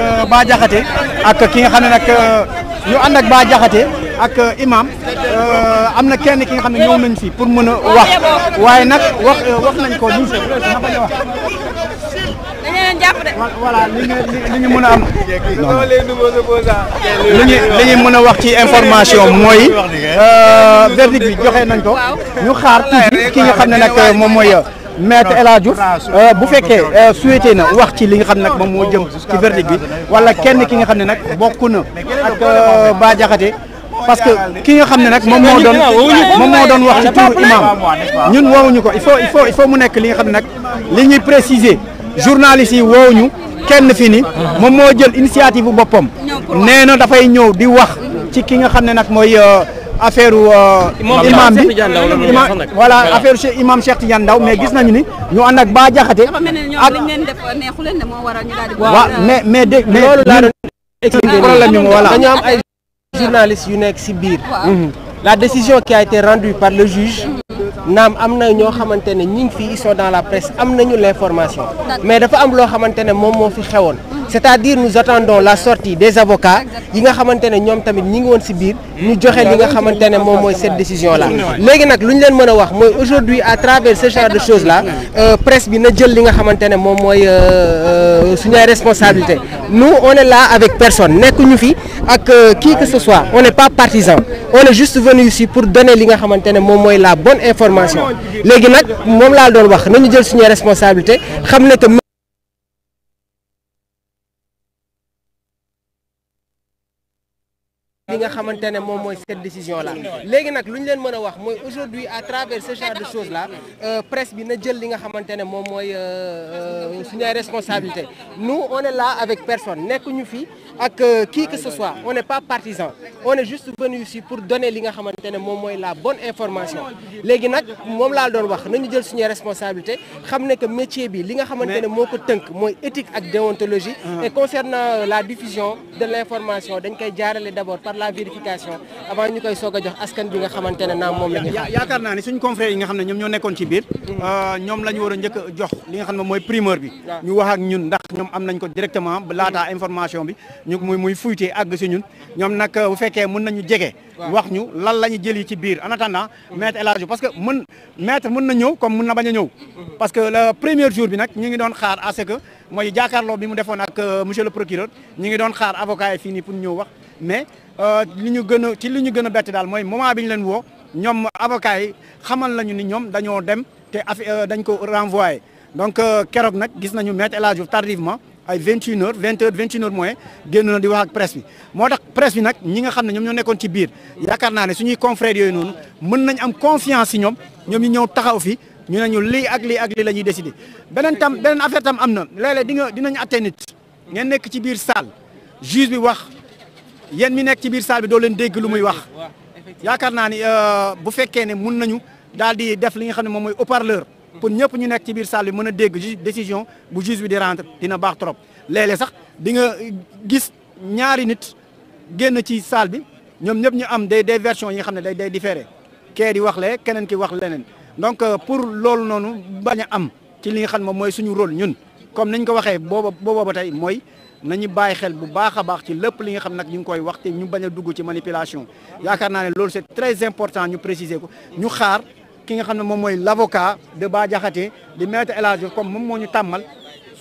Euh, bah Diakhaté ak ki nga xam ne nag euh, ñu ànd ak Bah Diakhaté ak euh, imam am na kenn ki nga xam ne ñëw nañ fi pour mën a wax waaye nag wax nañ ko nii na bañ a wax voilà ñu mën a am li ñu li ñu mën a wax ci information mooy verdict bi joxe nañ ko ñu xaar tuuti ki nga xam ne nag moom mooy maître El Hadj Diouf euh, bu fekkee euh, souhaité na wax ci li nga xam ne nag moom moo jëm ci verdict bi wala kenn ki nga xam ne nag bokk na ak euh, ba Diakhaté parce que ki nga xam ne nag moom moo doon moom moo doon wax ci turu imam ñun woowuñu ko il faut mu nekk li nga xam ne nag li ñuy préciser journalistes yi woowuñu kenn fi ni moom moo jël initiative bu boppam nee na dafay ñëw di wax ci ki nga xam ne nag mooy affaire euh, imam bi voilà affaire imam Cheikh Tidiane Ndao mais gis nañu ni ñu ànd ak Bah Diakhaté ak waaw mais mais dégg mais loolu laa doon expliqué problème ñu voilà dañu am journalistes yu nekk ci biir la décision qui a été rendue par le juge mhm. naam am na ñoo xamante ne ñi ngi fii ils sont dans la presse am nañu l'information mais dafa am loo xamante ne moom moo fi xewoon c'est-à-dire nous attendons la sortie des avocats yi nga xamante ne ñoom tamit ñu ngi woon si biir ñu joxe li nga hmm. xamante ne moom mooy cette décision là hmm. hmm. léegi nag lu ñu leen mën a wax mooy aujourd'hui euh, bi na jël li nga xamante ne moom mooy euh, euh, suñuy responsabilité nous on est la avec personne nekkuñu fi ak qui que ce soit on n'est pas partisan on est juste venu ici pour donner li nga xamante moom mooy la bonne information léegi nag moom laa doon wax nañu jël suñuy responsabilité xam ne que li nga xamante ne moom mooy cette décision là léegi nag lu ñu leen mën a wax mooy aujourd'hui à travers ce genre de choses là euh, presse bi na jël li nga xamante ne moom mooy euh, euh, suñu ay responsabilité nous on est là avec personne nekkuñu fi ak qui que ce soit on n'est pas partisan on est juste venu ici pour donner li nga xamante ne moom mooy la bonne information léegi nag moom laa doon wax nañu jël suñuy responsabilité xam ne que métier bi li nga xamante ne moo ko tënk mooy éthique ak déontologie ah. concernant la diffusion de l'information dañ koy jaarale d'abord par la vérification avant ñu koy soog a jox askan bi nga xamante ne moom la ñu yaakaar naa ni suñu confrères yi nga xam ne ñoom ñoo nekkoon ci biir euh, ñoom la ñu war a jox li nga xam ne mooy primeur bi ñu wax ñun ndax ñoom am nañ ko directement laataa information bi ñu muy fuytee àgg si ñun ñoom nag bu fekkee mën nañu jege wax ñu lan la ñu ci biir en attendant maître El Hadj parce que mën maître mën na ñëw comme mën na bañ a ñëw parce que le premier Euh, li ñu gën a ci li ñu gën a bett daal mooy moment bi ñu leen woo ñoom avocat yi xamal nañu ni ñoom dañoo dem te affaire euh, dañ ko renvoyé donc euh, keroog nag gis nañu maître El Hadj Diouf tardivement ay 21 heures 20 heures 21 heures moins génn na di wax ak presse moo tax presse bi nag ñi nga xam ne ñoom ñoo nekkoon ci biir yaakaar naa ne suñuy confrères yooyu noonu mën nañ am confiance si ñoom ñoom ñu ñëw taxaw fi ñu ne ñu lii ak lii ak lii la ñuy décider beneen tam beneen affaire tam am na léeg-léeg dinañ atte nit nekk ci biir salle juge bi wax. yéen mi nekk ci biir salle bi doo leen dégg lu muy wax yaakaar naa ni euh, bu fekkee ne mun nañu daal di def li nga xam ne moom mooy haut-parleur pour ñëpp ñu nekk ci biir salle bi mën a dégg décision bu juge bi di rendre dina baax trop léeg sax di nga gis ñaari nit génn ci salle bi ñoom ñëpp ñu am des des versions yi nga xam ne day day différé kee di wax lee keneen ki wax leneen donc euh, pour loolu noonu bañ am ci li nga xam ne moom mooy suñu rôle ñun comme niñ ko waxee booba b ba tey mooy nañu bàyyi xel bu baax a baax ci lépp li nga xam nag ñu ngi koy wax ñu bañ a dugg ci manipulation yaakaar naa ne loolu c'est très important ñu préciser ko ñu xaar ki nga xam ne moom mooy l'avocat de Bah Diakhaté di maître El Hadji comme moom moo ñu tàmmal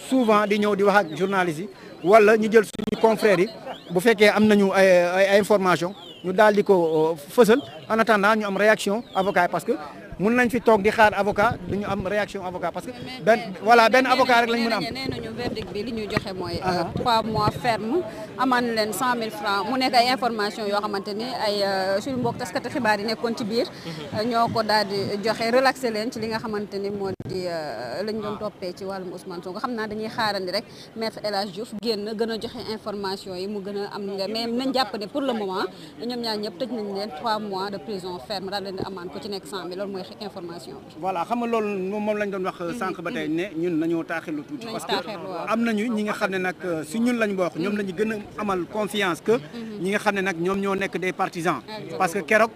souvent di ñëw di wax ak journalistes wala ñu jël suñu confrères yi bu fekkee am nañu ay information ñu daal di ko euh, fësal en attendant ñu am réaction avocat parce que mun nañ fi toog di xaar avocat duñu am réaction avocat parce que benn voilà benn avocat rek lañ mun a am nee verdict bi li ñu joxe mooy ah. euh, trois mois ferme amende leen cent mille francs mu nekk ay information yoo xamante ni ay euh, suñu mbokk taskati xibaar yi nekkoon ci biir mhm. euh, ñoo ko daal di joxe relaxé leen ci li nga xamante ni moo di euh, lañ doon ah. toppee ci wàllum Ousmane Sonko xam naa dañuy xaarandi rek maître El Hadj Diouf génn gën a joxe information yi mu gën a am mais nañ jàpp ne pour le moment ñoom ñaar ñëpp tëj nañ leen 3 mois de prison ferme daal leen amaan ko ci nekk 100000 loolu mooy information bi. voilà xam nga loolu moom moom lañ doon wax euh, sànq ba tey ne ñun nañoo taaxirlu tuuti. parce que am nañu ñi nga xam ne nag euh, si ñun lañ bokk ñoom lañu gën a amal confiance que mhm. ñi nga xam ne nag ñoom ñoo nekk des partisans parce que keroog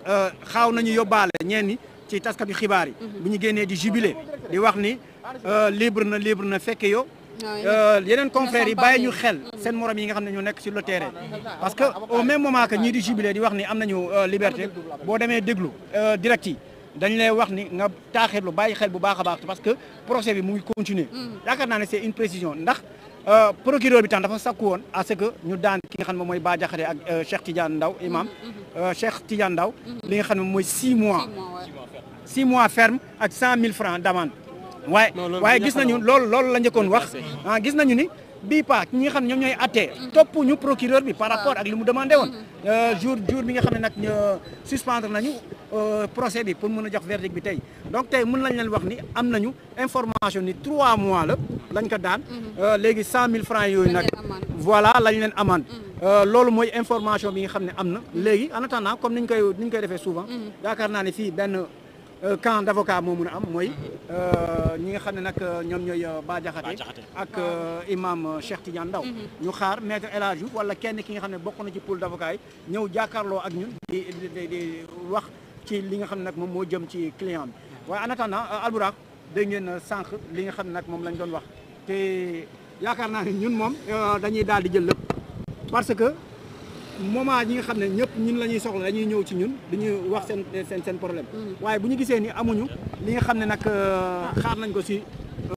xaaw nañu yóbbaale ñeen ci taskatu xibaar yi. bu ñu génnee di jubilé di wax ni euh, libre na libre na fekk yow. Euh, yeneen confrères yi bàyyi ñu xel seen morom yi nga xam ne ñoo nekk si le terrain parce que au même moment que ñii di jubilé di wax ni am nañu euh, liberté boo demee déglu direct dañu dañ wax ni nga taaxirlu bàyyi xel bu baax a baax parce que procès bi mu ngi continuer mm. yaakaar naa ne c'est une précision ndax procureur bi tam dafa sakku woon à ce que ñu daan ki nga xam ne mooy Bah Diakhaté ak Cheikh Tidiane Ndaw imam mm, mm, Cheikh Tidiane Ndaw li nga xam ne mooy six mois six mois ferme ak cent mille francs d'amende waaye waaye gis nañu loolu loolu la njëkkoon wax ah gis nañu ni bii pa ñi nga xam ñoom ñooy attee topp ñu procureur bi par rapport ak li mu demandé woon mm. euh, jour jour bi nga xam ne nag euh, suspendre nañu euh, procès bi pour mun a jox verdict bi tey donc tey mun lañ leen wax ni am nañu information ni trois mois la lañ ko daan mm-hmm. léegi cent mille francs yooyu nag voilà lañ leen amende mm. loolu mooy information bi nga xam ne am na léegi en attendant comme ñu koy ni ñu koy defee souvent mm-hmm. yaakaar naa ne fii benn Euh, camp d' avocat moo mun a am mooy euh, ñi nga xam ne nag euh, ñoom ñooy Bah Diakhaté ak imam Cheikh Tidiane Ndao mm-hmm. ñu xaar maître El Hadj wala kenn ki nga xam ne bokk na ci pool d' yi ñëw jàkkaarloo ak ñun di di di wax ci li nga xam ne nag moom moo jëm ci client bi mm-hmm. waaye en attendant Albourakh ngeen sànq li nga xam ne nag moom lañ doon wax te yaakaar naa ne ñun moom dañuy daal di jël lépp moment ñi nga xam ne ñëpp ñun la ñuy soxla dañuy ñëw ci ñun dañuy wax seen seen problème waaye bu ñu gisee ni amuñu li nga xam ne nag euh, xaar nañ ko ci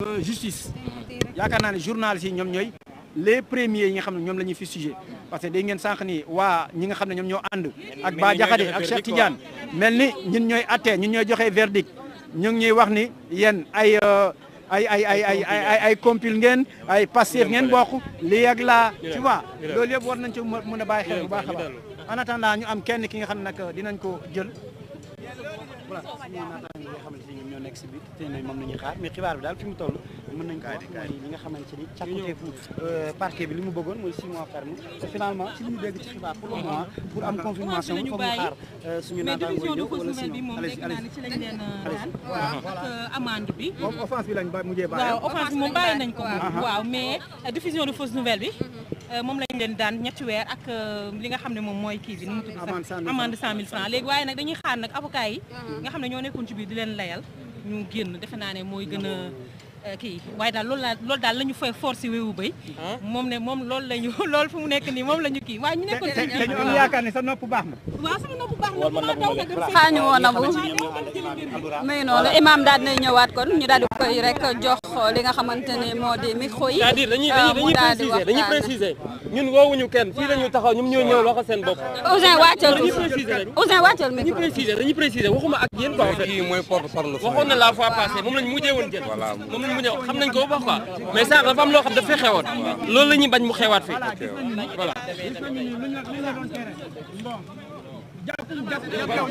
euh, justice yaakaar naa ne journalistes yi ñoom ñooy les premiers yi nga xam ne ñoom la ñuy fi sujet parce que day ngeen sànq ni waa ñi nga xam ne ñoom ñoo ànd ak Bah Diakhaté ak Cheikh Tidiane mel ni ñun ñooy attee ñun ñooy joxe verdict ñu ngi ñuy wax ni yéen ay euh, ay ay ay ay ay ay compil ngeen ay Pastef ngeen bokk lii ak laa tu vois loolu yëpp war nañ ci mën a bàyyi xel bu baax a baax en attendant am kenn ki nga xam ne nag dinañ ko jël voilà suñu naataango yoo ñoo nekk si biir te moom ñuy xaar mais xibaar daal fi mu toll mën nañ ko wax mooy li nga xamante ni càkkuteefu euh, parquet bi li mu euh, de euh, fausse nouvelle xam ne moom mooy kii bi nu mu tudd sax amende cent mille francs léegi waaye nag dañuy xaar nag avocat yi nga xam ne ñoo nekkoon ci biir di leen layal ñu génn defe naa ne mooy gën a Euh, kii waaye daal loolu daal loolu daal la ñu fay force si wéwu ah. moom ne moom loolu la ñu fu mu nekk nii moom la kii waaye ñu nekkoon. sa nopp baax na. xaañu woon na noonu imaam daal di ñëwaat kon ñu daal koy rek jox li nga xamante moo di micro yi. daal di wax ñun woowuñu kenn fii lañu taxaw ñoom ñoo ñëw waxal seen bopp. Ouzin wàccal ko Ouzin wàccal micro. dañuy préciser dañuy préciser waxuma ak yéen quoi en la fois passée moom lañ mujjee woon jël. moom lañ mujjee xam nañ ko bu baax quoi. mais ça dafa loo xam daf fi xewoon. loolu la bañ mu xewaat fii voilà.